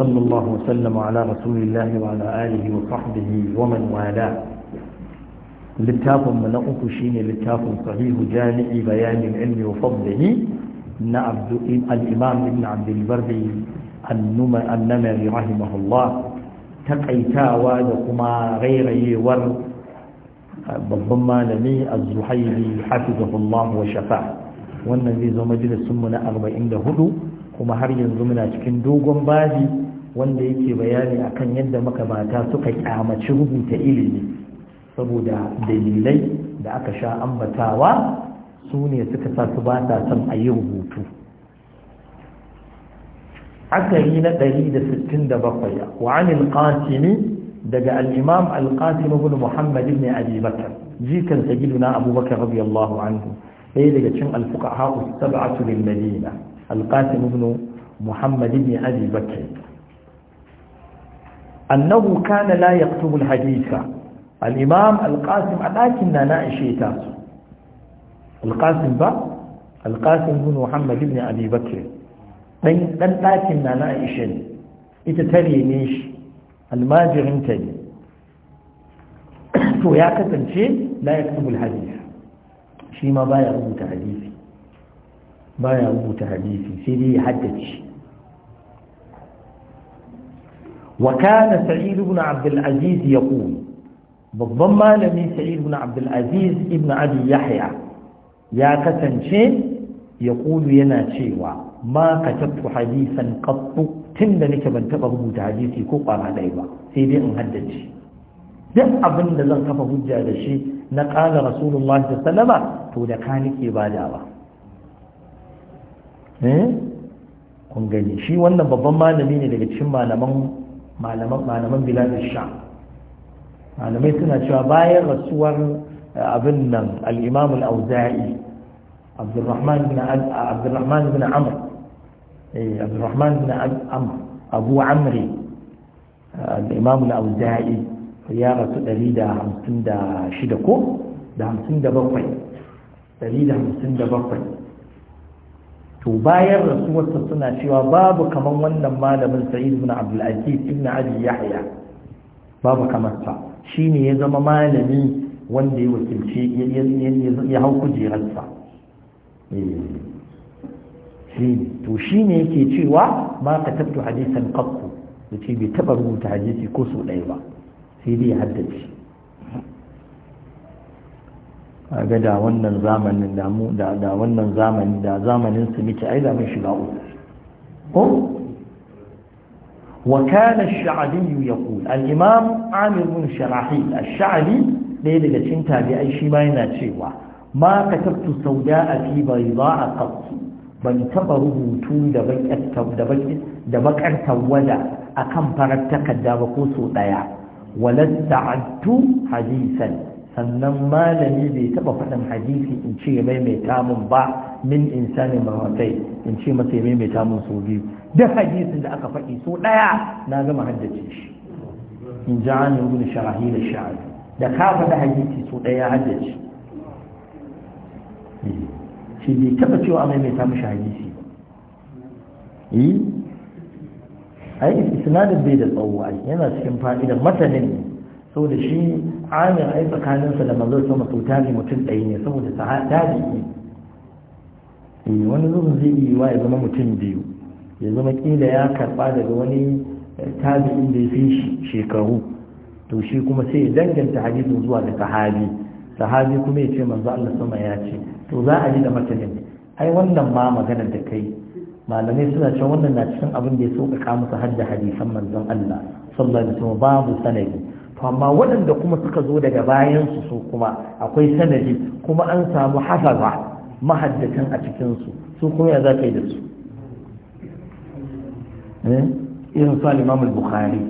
صلى الله وسلم على رسول الله وعلى آله وصحبه ومن والاه للتاف من أكشين للتاف صحيح جامع بيان العلم وفضله نعبد الإمام ابن عبد البر النمري رحمه الله تقيتا وادكما غير يور بالضمة لمي الزحيري حفظه الله وشفاه والنبي زو مجلس من أربعين هدو kuma har yanzu muna cikin dogon wanda yake bayani akan yadda makamata suka kyamaci rubuta ilimi saboda dalilai da aka sha ambatawa su ne suka sa su ba son a yi rubutu akari na 167 wa anil qasimi daga al-imam al-qasim ibn muhammad ibn abi bakr jikan sagiduna abubakar radiyallahu anhu sai daga cin al-fuqaha as-sab'atu lil madina al-qasim ibn muhammad ibn abi bakr أنه كان لا يكتب الحديث الإمام القاسم لكننا نائشيته القاسم با القاسم بن محمد بن أبي بكر لن لكننا نائشين إتتري نيش الماجر انتني وياك تنشي لا يكتب الحديث شيء ما با يربو تحديثي با يربو تحديثي سيدي حدثي wa kana sa'id ibn abd al babban malami sa'id ibn abd ibn abi yahya ya kasance yaqulu yana cewa ma katabtu hadisan qattu tunda nake ban taba rubuta hadisi ko kwara ɗaya ba sai dai in haddaci duk abin zan kafa hujja da shi na ƙala rasulullahi da sallama to da ka nake badawa kun gani shi wannan babban malami ne daga cikin malaman malaman biladun sha malamai suna cewa bayan rasuwar abin nan al-imam al al'auza'i abdurrahman bin abdurrahman bin amr eh abdurrahman bin amr abu amri al-imam al'imam al'auza'i ya rasu 156 ko da 57 157 to bayan rasuwarsa suna cewa babu kaman wannan malamin sa'id ibn abdul ibn abi yahya babu kamar sa shine ya zama malami wanda ya wakilci ya hau kujerarsa eh, to shine yake cewa ma ka tabtu hadisan qattu ce bai taba rubuta hadisi ko sau ɗaya ba sai dai haddace ga da wannan zamanin da da wannan zamani da zamanin su muke ai da mun shiga uku ko wa kana ash-sha'bi yaqul al-imam Amir bin ash-Sha'bi dai daga cikin tabi'ai shi ma yana cewa ma katabtu sawda'a fi bayda'a qat ban taba rubutu da bakar da a da bakar tawada akan farar takarda ba ko so daya walad ta'adtu hadisan sannan malami bai taba faɗin hadisi in ce ya maimaita mun ba min insani marwatai in ce masa ya maimaita mun sau biyu duk hadisin da aka faɗi so ɗaya na gama haddace shi in ji an yi wani sharahi da sha'ari da ka faɗi hadisi so ɗaya haddace shi bai taba cewa a maimaita mishi hadisi yi ai isnadin bai da tsawo ai yana cikin fa'idar matanin ne da shi amir yi tsakaninsa da manzo sama sauta ne mutum ɗaya ne saboda tabi'i ne eh, wani zubin zai yi wa ya zama mutum biyu ya zama kila ya karɓa daga wani eh, tabi'in da ya fi shekaru to shi kuma sai ya danganta hadisin zuwa da sahabi sahabi kuma ya ce manzo Allah sama ya ce to za a yi da matanin ai wannan ma maganar da kai malamai suna cewa wannan na cikin abin da ya sauƙaƙa musu hadda hadisan manzon Allah sallallahu alaihi wasallam babu sanadi to amma waɗanda kuma suka zo daga bayansu su kuma akwai sanadi kuma an samu hafaza mahaddatan a cikinsu su kuma ya za ka yi da su eh? irin su al-imam al-bukhari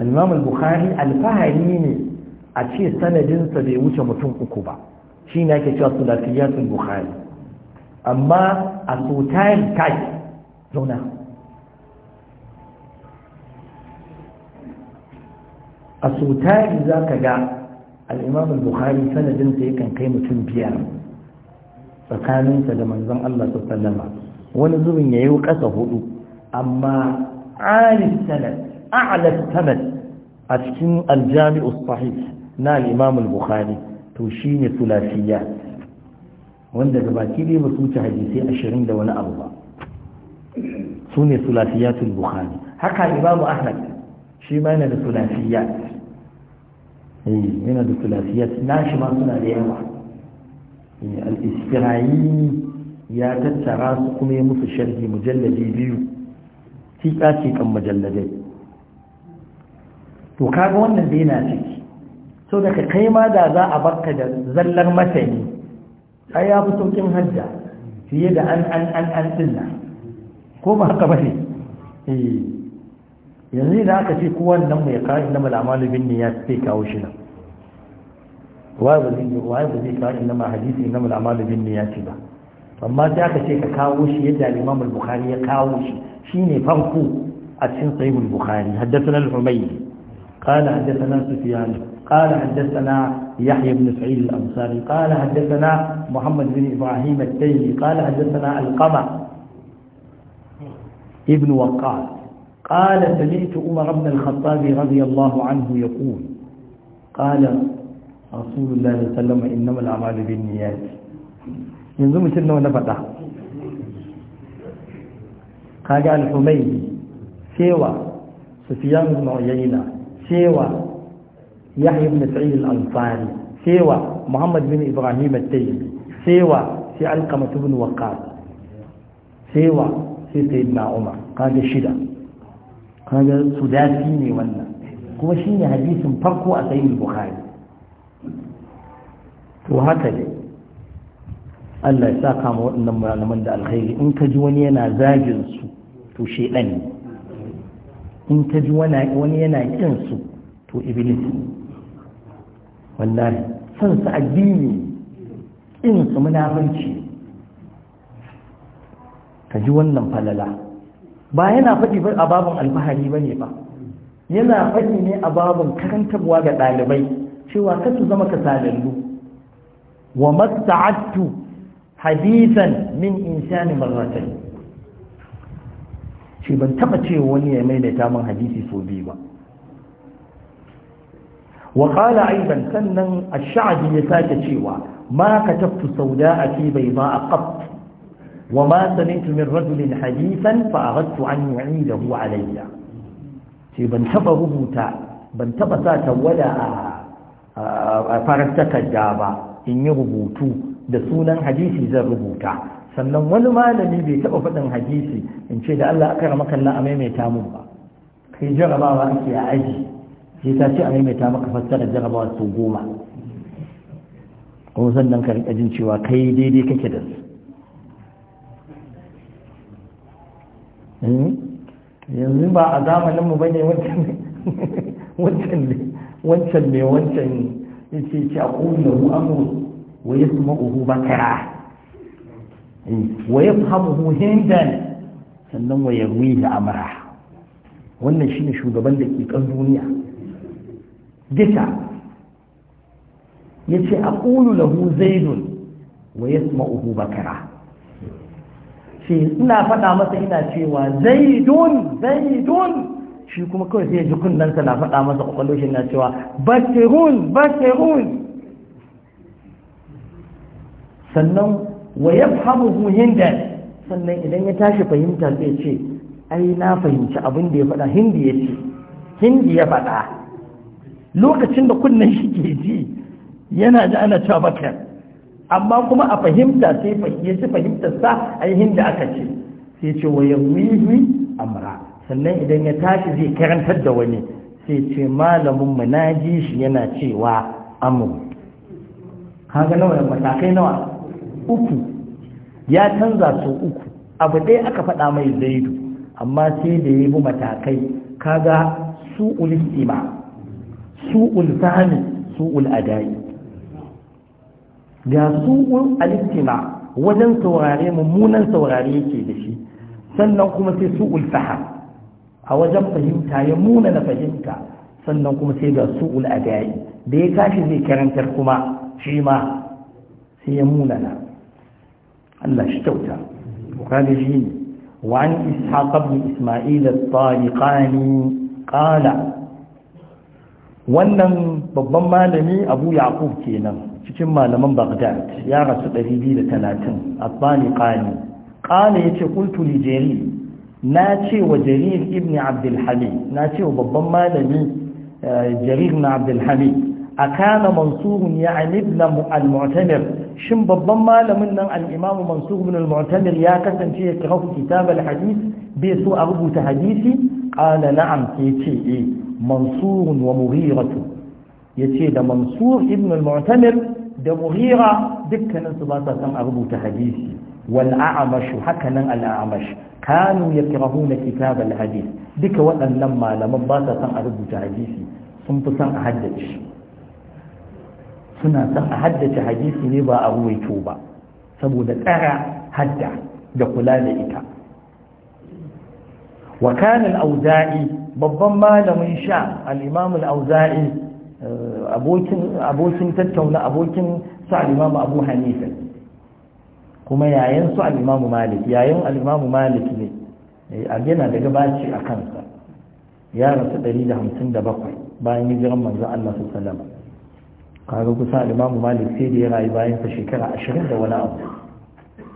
al-imam al-bukhari alfahari ne a ce sanadinsa bai wuce mutum uku ba shi ne ake cewa sulafiyatul bukhari amma a sotari kai zauna a sautari za ka ga al'imamun buhari sanadinsa yakan kai mutum biyar tsakaninsa da manzon Allah sallama wani zubin ya yi ƙasa hudu amma alif sanad a cikin aljami'u sahih na al'imamun buhari to ne sulafiya wanda gabaki dai ba su wuce hadisai ashirin da wani abu ba su ne sulafiyatul bukhari haka imamu ahmad shi ma yana da sulafiyat Eh, yana da filafiyat nashi ma suna da yawa eh, al ya tattara su kuma ya musu sharhi mujalladi biyu tika ce kan mujalladai to kaga wannan da yana ciki sau daga kai ma da za a barka da zallar masani ai ya fi saukin hajja fiye da an an an an ko ba haka ba ne eh. yanzu da aka ce kowa nan mai kawo inda mala amalu bin ne ya fi kawo shi nan wai ba zai waye ba zai kawo inda ma hadisi inda mala amalu bin ne ya ce ba amma sai aka ce ka kawo shi yadda al-Imam al-Bukhari ya kawo shi shine farko a cikin Sahih al-Bukhari haddathana al-Humaydi qala haddathana Sufyan qala haddathana yahya ibn sa'id al-ansari qala haddathana muhammad حدثنا ibrahim al إبراهيم qala haddathana al-qama ابن وقال قال سمعت عمر بن الخطاب رضي الله عنه يقول قال رسول الله صلى الله عليه وسلم إنما الأعمال بالنيات ذم سنة ونفتح قال الحميدي سوى سفيان بن عيينة سوى يحيى بن سعيد الأنصاري سوى محمد بن إبراهيم التيمي سوى في علقمة بن وقاص سوى في سيدنا عمر قال الشدة kaga sudasi ne wannan kuma shi ne hadisin farko a sayin bukhari to haka ne Allah ya sa kama waɗannan malaman da alkhairi in ka ji wani yana zagin su to shedan ne in ka ji wani yana kin su to iblis wallahi san su addini in su munafunci ka ji wannan falala ba yana faɗi ba a babin alfahari ba ne ba yana faɗi ne a babin karantarwa ga ɗalibai cewa su zama kasalallu wa masta'attu hadisan min insani marratayn shi ban taba cewa wani ya maimaita min hadisi so biyu ba wa qala aidan sannan a shabi ya sake cewa ma katabtu bai ba a qat وما سمعت من رجل حديثا فأردت أن يعيده علي sai ban taba rubuta ban taba sa tawada a farar takarda ba in yi rubutu da sunan hadisi zan rubuta sannan wani malami bai taɓa faɗin hadisi in ce da Allah aka rama kallon a maimaita mun ba kai jarabawa ake a aji sai ta ce a maimaita maka fassara jarabawa su goma kuma sannan ka rika jin cewa kai daidai kake da su Hmm? yanzu ba a zamaninmu ba ne wancan mai wancan ya ce ce a ƙunar ru'amu wa ya suma uhu bakara eh, wa ya fahimu hindan sannan wa ya ruwi da amara wannan shine shugaban da ke kan duniya duka ya ce a ƙulu lahu zaidun wa ya suma uhu bakara ce ina faɗa masa ina cewa zai don shi kuma kawai sai ya ji kunnansa na faɗa masa ƙwaƙwalo shi na cewa batirun batirun sannan wa ya fahimu hinda sannan idan ya tashi fahimta zai ce ai na fahimci abin da ya faɗa hindi ya ce hindi ya faɗa lokacin da kunnen shi ke ji yana ji ana cewa bakar amma kuma a fahimta sai ya ci fahimtar sa ainihin da aka ce sai ce wa ya wuyi amra sannan idan ya tashi zai karantar da wani sai ce malamin mu na ji shi yana cewa amu kaga nawa matakai nawa uku ya canza su uku abu ɗaya aka faɗa mai zaidu amma sai da ya bi matakai kaga su ulistima su ulfani su ul'adai ga su'un alistima wajen saurare mummunan saurare yake da shi sannan kuma sai su ulfaha a wajen fahimta ya muna na fahimta sannan kuma sai ga su adayi da ya kashi zai karantar kuma shi ma sai ya muna na Allah shi kyauta bukari shi ne wa an ishaq ibn isma'il at-tariqani qala wannan babban malami abu yaqub kenan cikin malaman baghdad ya rasu 230 abbani qani qani yace qultu li jarir na ce wa jarir ibn abdul hamid na ce wa babban malami eh, jarir ibn abdul hamid akana mansurun ya'ni ibn al-mu'tamir shin babban malamin nan al-imam mansur ibn al-mu'tamir ya kasance ya kira kitab al-hadith bai su a rubuta hadisi qala na'am sai ce eh mansurun wa mughiratu yace da mansur ibn al-mu'tamir da mughira dukkanin su ba sa san a rubuta hadisi wal a'mash haka nan al a'mash kanu yakrahuna kitab al hadith duka waɗannan malaman ba sa san a rubuta hadisi sun fi san a haddace suna san a haddace hadisi ne ba a ruwaito ba saboda tsara hadda da kula da ita wa kana al-auza'i babban malamin sha al-imam al-auza'i abokin tattauna abokin su al'imamu abu Hanifin kuma yayin su al'imamu malik yayin al'imamu malik ne eh, a yana da gabaci a kansa ya rasu 157 bayan jiran manzan Allah su salama ku kusa al'imamu malik sai da ya rayu bayan sa shekara 20 da wani abu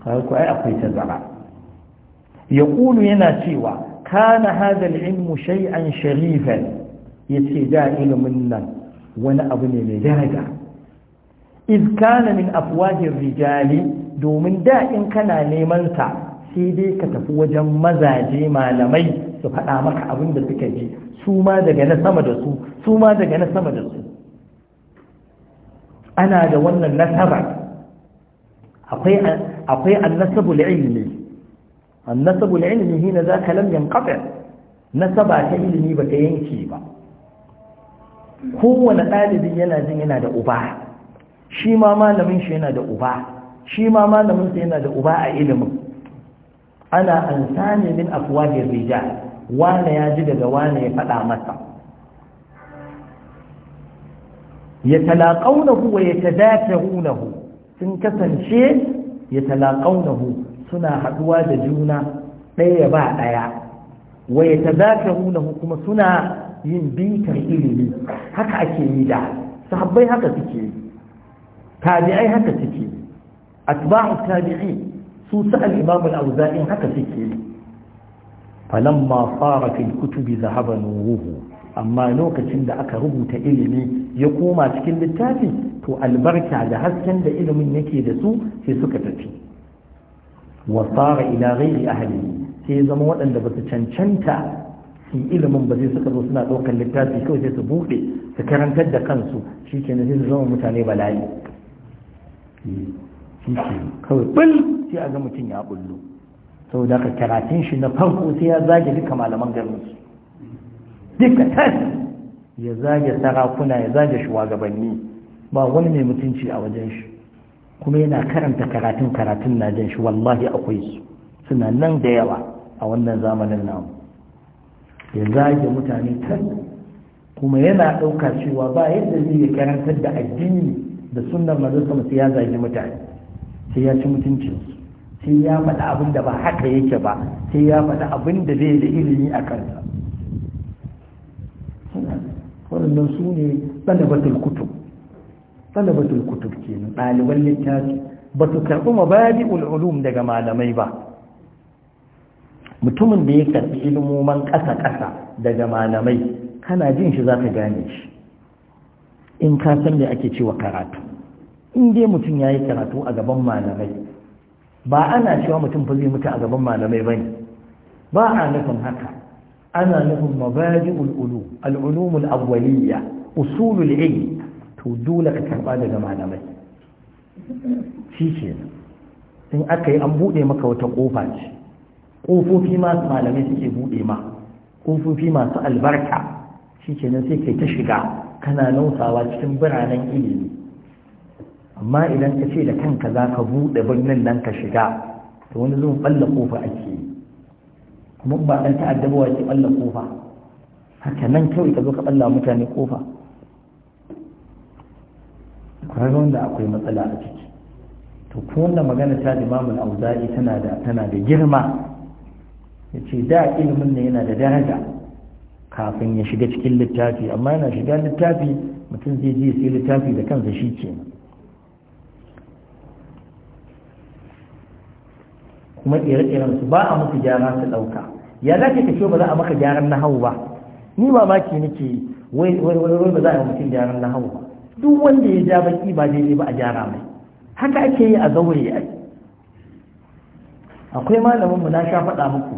kaga ku ai akwai tazara ya ƙulu yana cewa kana hadal ilmu shay'an sharifan yace da ilimin nan wani abu ne mai daraja iz min afwahir rijali domin da in kana neman sa sai dai ka tafi wajen mazaje malamai su faɗa maka abin da suka ji su ma daga na sama da su su ma daga na sama da su ana da wannan nasaba akwai akwai annasabu ilmi annasabu ilmi hina ka lam yanqati nasaba ta ilimi ba ta yanke ba kowane ɗalibi yana jin yana da uba shi ma malamin shi yana da uba shi ma malamin sa yana da uba a ilimin ana an sani min afwajir rijal wane ya ji daga wane ya faɗa masa ya talaqawnahu wa yatadatarunahu sun kasance ya talaqawnahu suna haɗuwa da juna ɗaya ba ɗaya wa yatadatarunahu kuma suna yin bitar ilimi haka ake yi da sahabbai haka suke tabi'ai haka suke atba'u tabi'i su sa'al imam al-auza'i haka suke falamma fara fil kutubi zahaba nuruhu amma lokacin da aka rubuta ilimi ya koma cikin littafi to albarka da hasken da ilimin yake da su sai suka tafi wa fara ila ghairi ahli sai zama waɗanda ba su cancanta su ilimin ba zai suka zo suna ɗaukar littafi kawai sai su buɗe su karantar da kansu shi ke sai su zama mutane bala'i shi ke kawai ɓul sai a ga mutum ya ɓullo saboda ka karatun shi na farko sai ya zage duka malaman garinsu duka tas ya zage sarakuna ya zage shugabanni ba wani mai mutunci a wajen shi kuma yana karanta karatun karatun na jan shi wallahi akwai su suna nan da yawa a wannan zamanin namu ya zage mutane kan kuma yana ɗauka cewa ba yadda zai ya karantar da addini da sunan mazan sama sai ya zage mutane sai ya ci mutuncinsu sai ya faɗi abin da ba haka yake ba sai ya faɗi abin da zai da ilimi a kansa waɗannan su ne ɗalibatul kutub ɗalibatul kutub nan, ɗaliban littafi ba su karɓi mabadi ul'ulum daga malamai ba mutumin da ya karɓi ilmoman ƙasa-ƙasa daga malamai kana jin shi za ka gane shi in ka san me ake cewa karatu in dai mutum ya yi karatu a gaban malamai ba ana cewa mutum fa zai mutu a gaban malamai ba ne ba a nufin haka ana nufin mabaji ul'ulu al'ulumul awwaliya usulul ilmi to dole ka karba daga malamai shi ke in aka yi an buɗe maka wata ƙofa ce ƙofofi masu malamai suke buɗe ma ƙofofi masu albarka shi kenan sai kai ta shiga kana nausawa cikin biranen ilimi amma idan ka ce da kanka za ka buɗe birnin nan ka shiga to wani zuwan ɓalla ƙofa ake yi kuma ba ɗan ta'adda ke ɓalla ƙofa haka nan kawai ka zo ka ɓalla mutane ƙofa kwararra wanda akwai matsala a ciki to ko magana ta Limamin auza'i tana da girma ya ce da ilimin ne yana da daraja kafin ya shiga cikin littafi amma yana shiga littafi mutum zai je sai littafi da kansa shi ke kuma ire-iren su ba a musu gyara su ɗauka ya za ka ba za a maka gyaran na hau ba ni mamaki nake wai ba za a mutum gyaran na hau ba duk wanda ya ja baki ba daidai ba a gyara mai haka ake yi a zaure ai akwai malamin mu na sha faɗa muku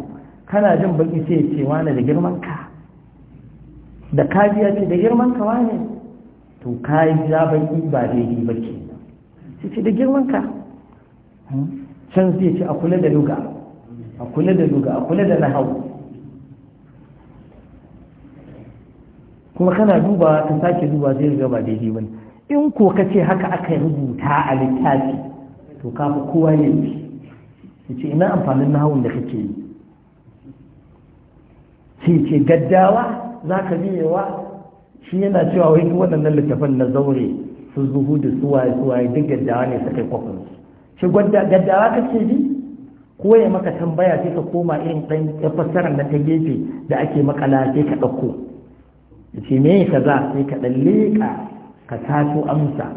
kana jin baki sai ya ce wane da girman ka da kajiya ce da girman ka wane to kajiya baki ba daidai ba ke sai ce da girman ka hmm? can sai ce a kula da luga a kula da luga a kula da nahau kuma kana duba ta sake duba zai ga ba daidai ba in ko ka ce haka aka rubuta a littafi to kafa kowa ne ce ina amfanin nahawun da kake yi sai ce gaddawa za ka biyewa shi yana cewa wai duk waɗannan littafan na zaure su zuhu da suwaye suwaye duk gaddawa ne sakai yi kwafin shi gaddawa ka kake bi ko ya maka tambaya sai ka koma irin ɗan fassarar na ta gefe da ake makala sai ka ɗauko ce me ka za sai ka ɗan leƙa ka taso amsa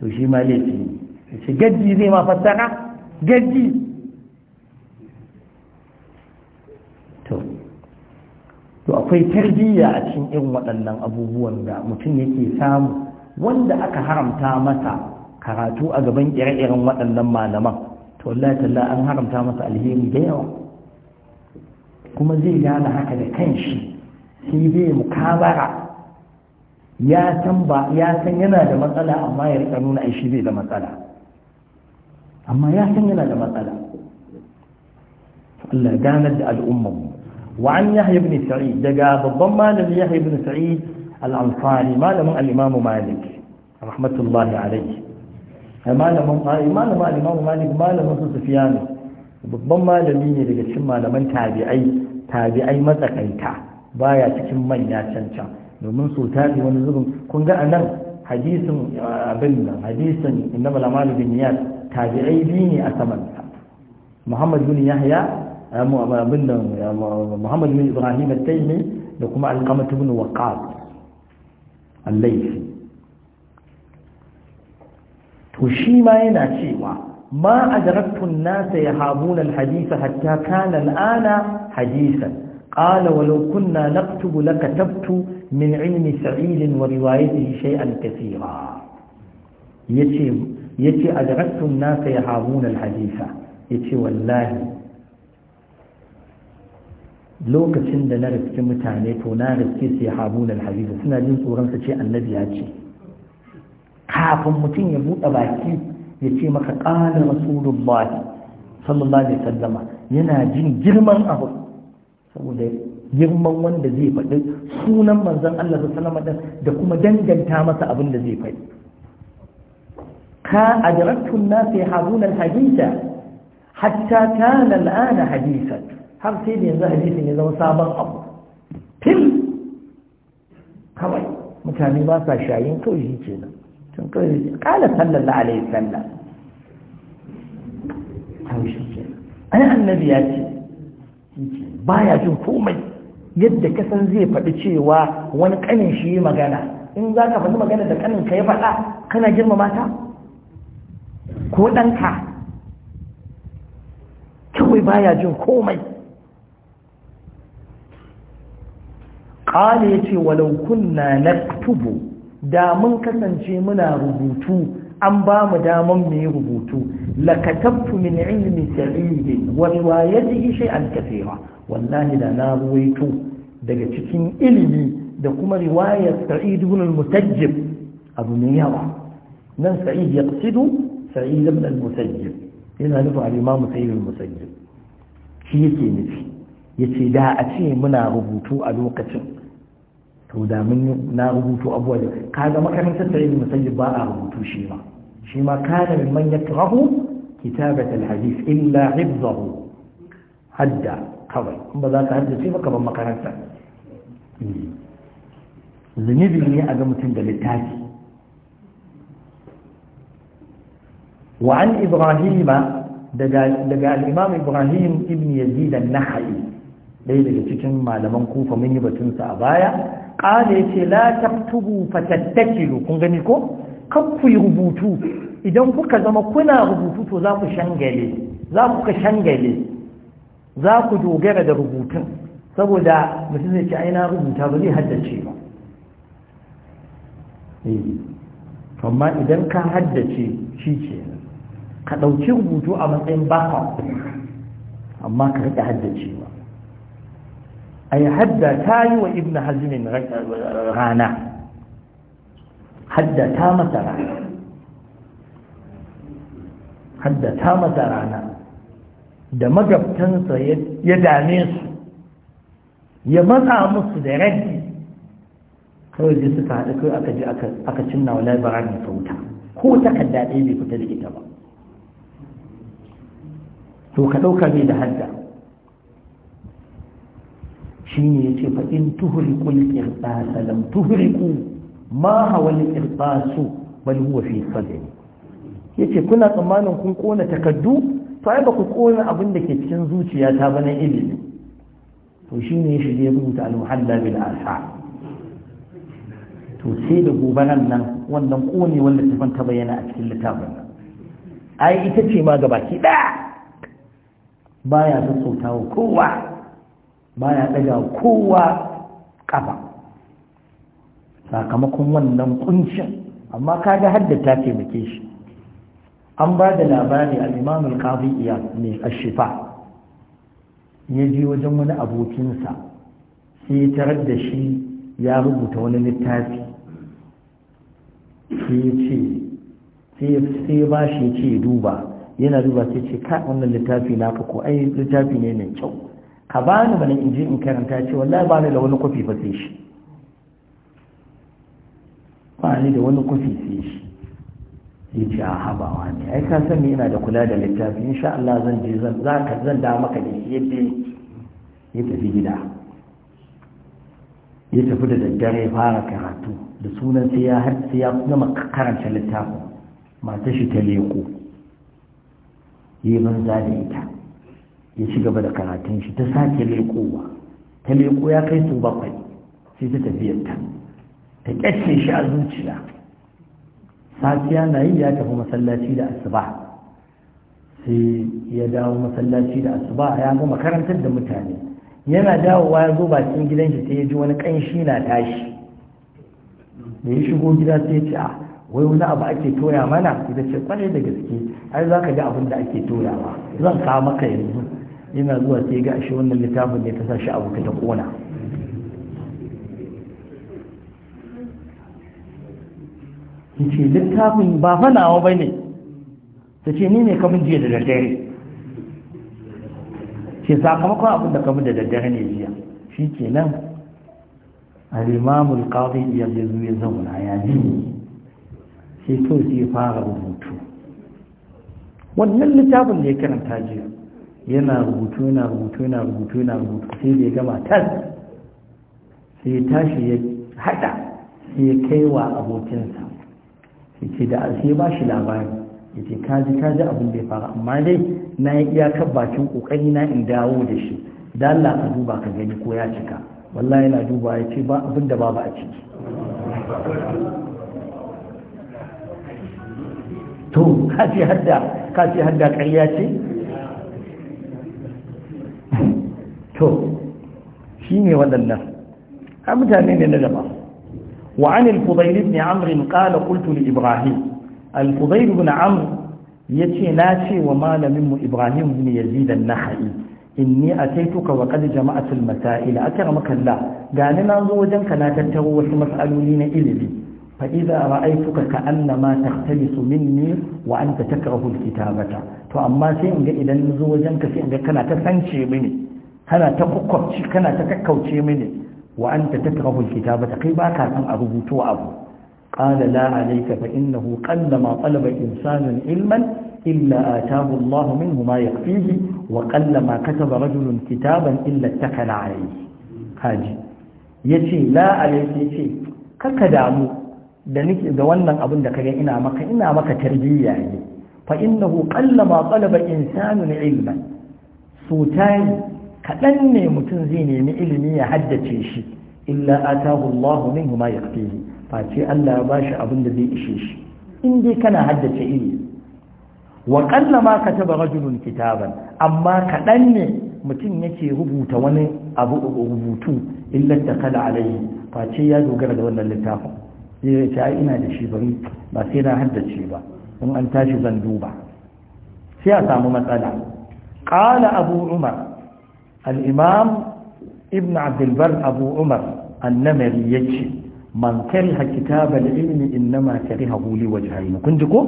to shi ma laifi ne gaddi zai ma fassara gaddi akwai tarbiyya a cikin irin waɗannan abubuwan da mutum yake samu wanda aka haramta masa karatu a gaban ire-iren waɗannan malaman to Allah talla an haramta masa alheri da yawa kuma zai gane haka da kanshi sai zai mukabara ya san yana da matsala amma ya rika nuna shi zai da matsala amma ya san yana da matsala Allah ganar da al'ummar وعن يحيى بن سعيد دقا بالضمان يحيى بن سعيد الأنصاري ما لم الإمام مالك رحمة الله عليه ما لم ما لم الإمام مالك ما لم سفيان بالضمان لمين دقا شما لمن تابعي تابعي متقيتا بايا تكم من يا domin su tafi wani zubin kun ga anan hadisin abin nan hadisin innamal amalu bin niyyat tabi'ai biyu ne a saman muhammad bin yahya abin nan muhammadu bin ibrahim al-taimi da kuma alkamatu bin waqad al-laifi to shi ma yana cewa ma a jaraktun nasa ya habunan hadisa hatta kana al'ana hadisan ƙala walau kunna naktubu laka tabtu min ilmi sa'ilin wa riwayatihi shay'an kathira yace yace a jaraktun nasa ya habunan hadisa yace wallahi lokacin da na riski mutane to na riski su ya habun alhabibu suna jin tsoron su ce annabi ya ce kafin mutum ya buɗe baki ya ce maka ƙala rasulullah sallallahu alaihi wasallama yana jin girman abu saboda girman wanda zai faɗi sunan manzon Allah sallallahu alaihi da kuma danganta masa abin da zai faɗi ka adraktu an-nas yahabuna al-haditha hatta kana al-ana hadithan har sai da yanzu hadisi ne zama sabon abu fil kawai mutane ba sa shayin kawai shi ce nan tun kawai shi kala sallallahu alaihi sallam kawai shi ce nan annabi ya ce baya jin komai yadda ka san zai faɗi cewa wani ƙanin shi yi magana in za ka faɗi magana da ƙanin ka ya faɗa kana girma mata ko ɗanka kawai baya jin komai قال يتي ولو na نكتب da mun kasance muna rubutu an ba mu daman mu yi rubutu lakatabtu min ilmi sa'id wa riwayatihi shay'an kathira wallahi da na ruwaito daga cikin ilimi da kuma riwayar sa'id ibn al-mutajjib abu mai yawa nan sa'id yaqsidu sa'id ibn al-mutajjib yana nufi al-imam sa'id al-mutajjib shi yake nufi yace da a ce muna rubutu a lokacin to da mun na rubutu abuwa da kaga makarantar ta yi musayyib ba a rubutu shi ma shi ma kana min man yakrahu kitabat alhadith illa hifzahu hadda kawai in ba za ka hadda haddace maka ban makaranta zunubi ne a ga mutum da littafi wa an ibrahim daga al'imam ibrahim ibn yazid an-nakhai ɗaya daga cikin malaman kufa mun yi batunsa a baya Ƙale ya ce la taktubu fatattakilu kun gani ko kan yi rubutu idan kuka zama kuna rubutu to za ku shangale za ku ka shangale za ku dogara da rubutun saboda mutum zai ce aina rubuta ba zai haddace ba eh. amma idan ka haddace shi ce ka ɗauki rubutu a matsayin baka amma ka haddace haddacewa أي حدى تاي وابن حزم غانا حدى تامة رانا حدى تامة رانا ده مقب تنسى يدانيس يمسع مصر ده ردي هو جيسي فهدكو أكجي أكتنا ولا يبغاني فوتا هو تكدى إيبي كتلك إتبا تو كتوكا بيد حدى shine yace fa in tuhriqu al-irbas lam tuhriqu ma hawa al-irbas bal huwa fi sadri yace kuna tsammanin kun kona takaddu to ai ba ku kona abin da ke cikin zuciya ta bana ilimi to shine ya shige rubuta al-muhalla bil arha to sai da gobaran nan wannan kone wanda ta fanta bayyana a cikin littafin nan ai ita ce ma gabaki daya baya sassautawa kowa baya ɗaga kowa kafa sakamakon wannan kuncin amma kaga hadda ta taimake shi an ba da labari a imam al iya ne ashifa ya je wajen wani abokinsa sai ya tarar da shi ya rubuta wani littafi sai ya ce sai ya ba shi ya ce duba yana duba sai ce ka wannan littafi na ko ai littafi ne mai kyau ka bani bane in je in karanta ce wallahi ni da wani kofi ba sai shi ni da wani kofi sai shi ya ce a habawa ne ai ka san ina da kula da littafi insha Allah zan je zan zaka zan da maka da yadda ya tafi gida ya tafi da daddare fara karatu da sunan sai ya har sai ya gama karanta littafin matar shi ta leko yi banza da ita ya ci gaba da karatun shi ta sake leƙowa ta leƙo ya kai su bakwai sai ta tafiyar ta ta shi a zuciya safiya na yi ya tafi masallaci da asuba sai ya dawo masallaci da asuba ya makarantar makarantar da mutane yana dawowa ya zo bakin gidan shi sai ya ji wani ƙanshi na tashi da ya shigo gida sai ya ce a ah, wai wani abu ake toya mana ita ce kwarai da gaske ai za ka ga abin da ake toyawa zan kawo maka yanzu yana zuwa sai ga ashe wannan littafin ne ta sashi abu ta kona yace littafin ba fanawa ne tace ni ne kamun jiya da daddare ce sakamakon abin da kamun da daddare ne jiya shi nan, alimamul imamul qadi zai zo ya zauna ya ji sai to sai fara rubutu wannan littafin da ya karanta jiya yana rubutu yana rubutu yana rubutu yana rubutu sai da gama tas sai ya tashi ya hada sai ya kai wa abokinsa sai da sai ya ba shi labari ya ce kaji kaji abin da ya fara amma dai na yi iyakar bakin kokari na in dawo da shi da Allah ka duba ka gani ko ya cika wallahi yana duba ya ce ba abin da babu a ciki to kace hadda kace hadda ƙarya ce to shi ne waɗannan a mutane ne na daba wa an al-fudayl ibn amr qala qultu li ibrahim al-fudayl ibn amr yace na ce wa malamin mu ibrahim ibn yazid an-nakhai inni ataituka wa qad jama'atu al-masail akramaka makalla, gani na zo wajen ka na tattaro wasu mas'aloli na ilimi fa idza ra'aytuka ka annama takhtalisu minni wa anta takrahu al-kitabata to amma sai in ga idan zo wajen ka sai in ga kana ta sance mini kana ta kukwabci kana ta kakkauce mini wa anta ta alkitabata kai ba ka san a rubutu abu qala la alayka fa innahu qalla ma talaba insanun ilman illa atahu Allah minhu ma yakfihi wa qalla ma kataba rajulun kitaban illa takala alayhi haji yace la alayka yace kaka damu da nake da wannan abin da kaga ina maka ina maka tarbiyya ne fa innahu qalla ma talaba insanun ilman so kaɗan ne mutum zai nemi ilimi ya haddace shi illa atahu Allahu minhu ma yaqtihi face Allah ya bashi abin da zai ishe shi in dai kana haddace ilimi wa qalla ma kataba rajulun kitaban amma kaɗan ne mutum yake rubuta wani abu rubutu illa takala alaihi face ya dogara da wannan littafin zai ce ai ina da shi bari ba sai na haddace ba in an tashi zan duba sai a samu matsala qala abu umar al'imam ibn abdulbar abu umar annamari ya ce man kariha kitaba da ilmi innama kariha huli wajhaini kun kunji ko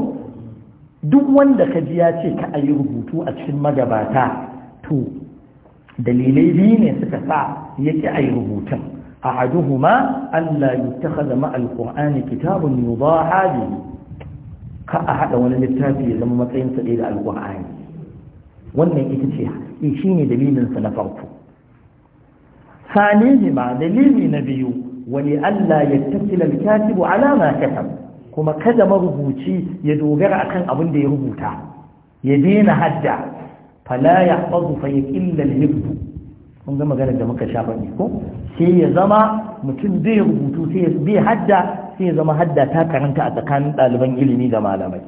duk wanda ka ji ya ce ka ayi rubutu a cikin magabata to dalilai biyu ne suka sa yake ayi rubutun ahaduhuma alla yuttakhadha ma alqur'ani kitabun yudaha bihi ka a haɗa wani littafi ya zama matsayin sa da alqur'ani wannan ita ce e, shi ne dalilinsa na farko sanihi ma dalili na biyu wani Allah ya tattila alkatibu ala ma kuma kada marubuci ya dogara akan abin da ya rubuta ya daina hadda fala ɓazu fa yaqilla alhibbu kun ga maganar da muka shafa ne ko sai ya zama mutum zai rubutu sai ya hadda sai ya zama hadda ta karanta a tsakanin ɗaliban ilimi da malamai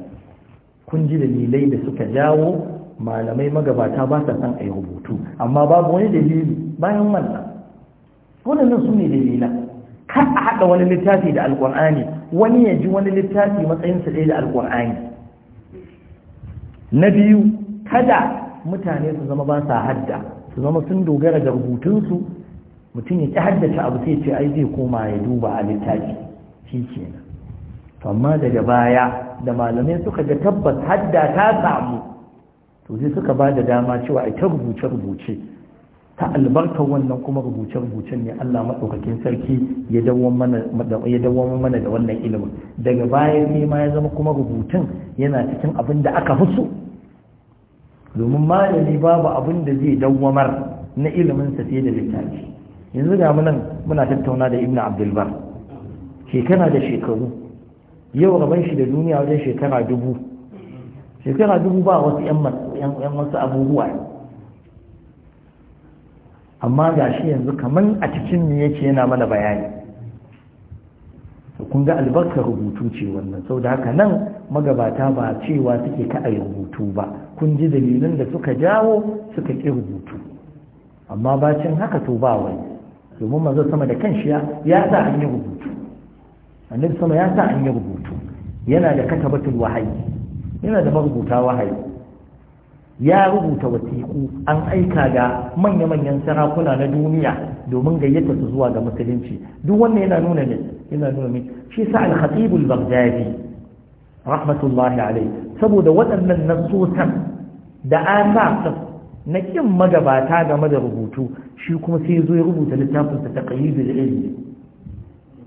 kun ji dalilai da suka jawo malamai magabata ba sa san a yi rubutu amma babu wani dalili bayan wannan wannan su ne dalilan kar a haɗa wani littafi da alƙur'ani wani ya ji wani littafi matsayinsa ɗaya da alƙur'ani na biyu kada mutane su zama ba sa hadda su zama sun dogara da rubutunsu mutum ya ƙi haddace abu sai ce ai zai koma ya duba a littafi shi kenan amma daga baya da malamai suka ga tabbas hadda ta samu to suka ba da dama cewa a ta rubuce-rubuce ta albarkar wannan kuma rubuce-rubucen ne Allah maɗaukakin sarki ya dawon mana da wannan ilimin daga baya nema ya zama kuma rubutun yana cikin abin da aka so domin malami babu abin da zai dawwamar na iliminsa sai da littafi yanzu ga munan muna tattauna da ibn abdulbar shekara da shekaru yau rabon shi da duniya wajen shekara dubu shekara dubu ba wasu yan wasu abubuwa amma ga shi yanzu kamar a cikin ne yake yana mana bayani kun ga albarkar rubutu ce wannan sau da haka nan magabata ba cewa suke ka'a rubutu ba kun ji dalilin da suka jawo suka ƙi rubutu amma bacin haka to ba wani domin mazo sama da kan shi ya sa an yi rubutu annabi sama ya sa an yi rubutu yana da katabatul wahayi yana da marubuta wahayi ya rubuta wasiƙu an aika ga manya-manyan sarakuna na duniya domin gayyata su zuwa ga musulunci duk wannan yana nuna ne yana nuna ne shi sa al-khatibul baghdadi rahmatullahi alai saboda waɗannan nasosan da asasan na kin magabata game da rubutu shi kuma sai zo ya rubuta littafin sa taqyidul ilm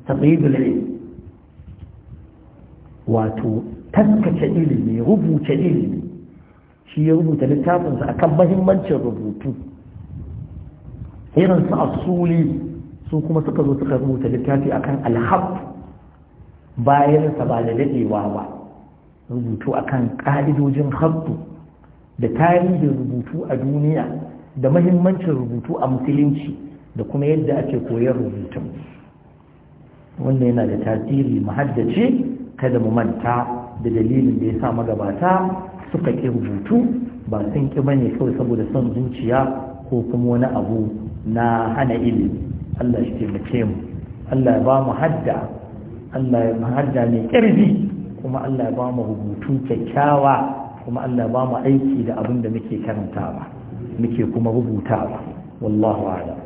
taqyidul ilm wato taskace ilimi rubuta ilimi shi ya rubuta littafinsa akan mahimmancin rubutu irin su asuli su kuma suka zo suka rubuta littafi akan alhab bayan sa ba da dadewa ba rubutu akan ƙa'idojin habdu da tarihin rubutu a duniya da mahimmancin rubutu a musulunci da kuma yadda ake koyar rubutu wannan yana da tasiri mahaddace kada mu manta da dalilin da ya sa magabata suka ƙi rubutu ba sun ƙi bane kawai saboda son zuciya ko kuma wani abu na hana ilimi Allah shi taimake mu Allah ya ba mu hadda Allah ya hadda mai ƙarfi kuma Allah ya ba mu rubutu kyakkyawa kuma Allah ya ba mu aiki da abin da muke karantawa muke kuma rubutawa wallahu a'lam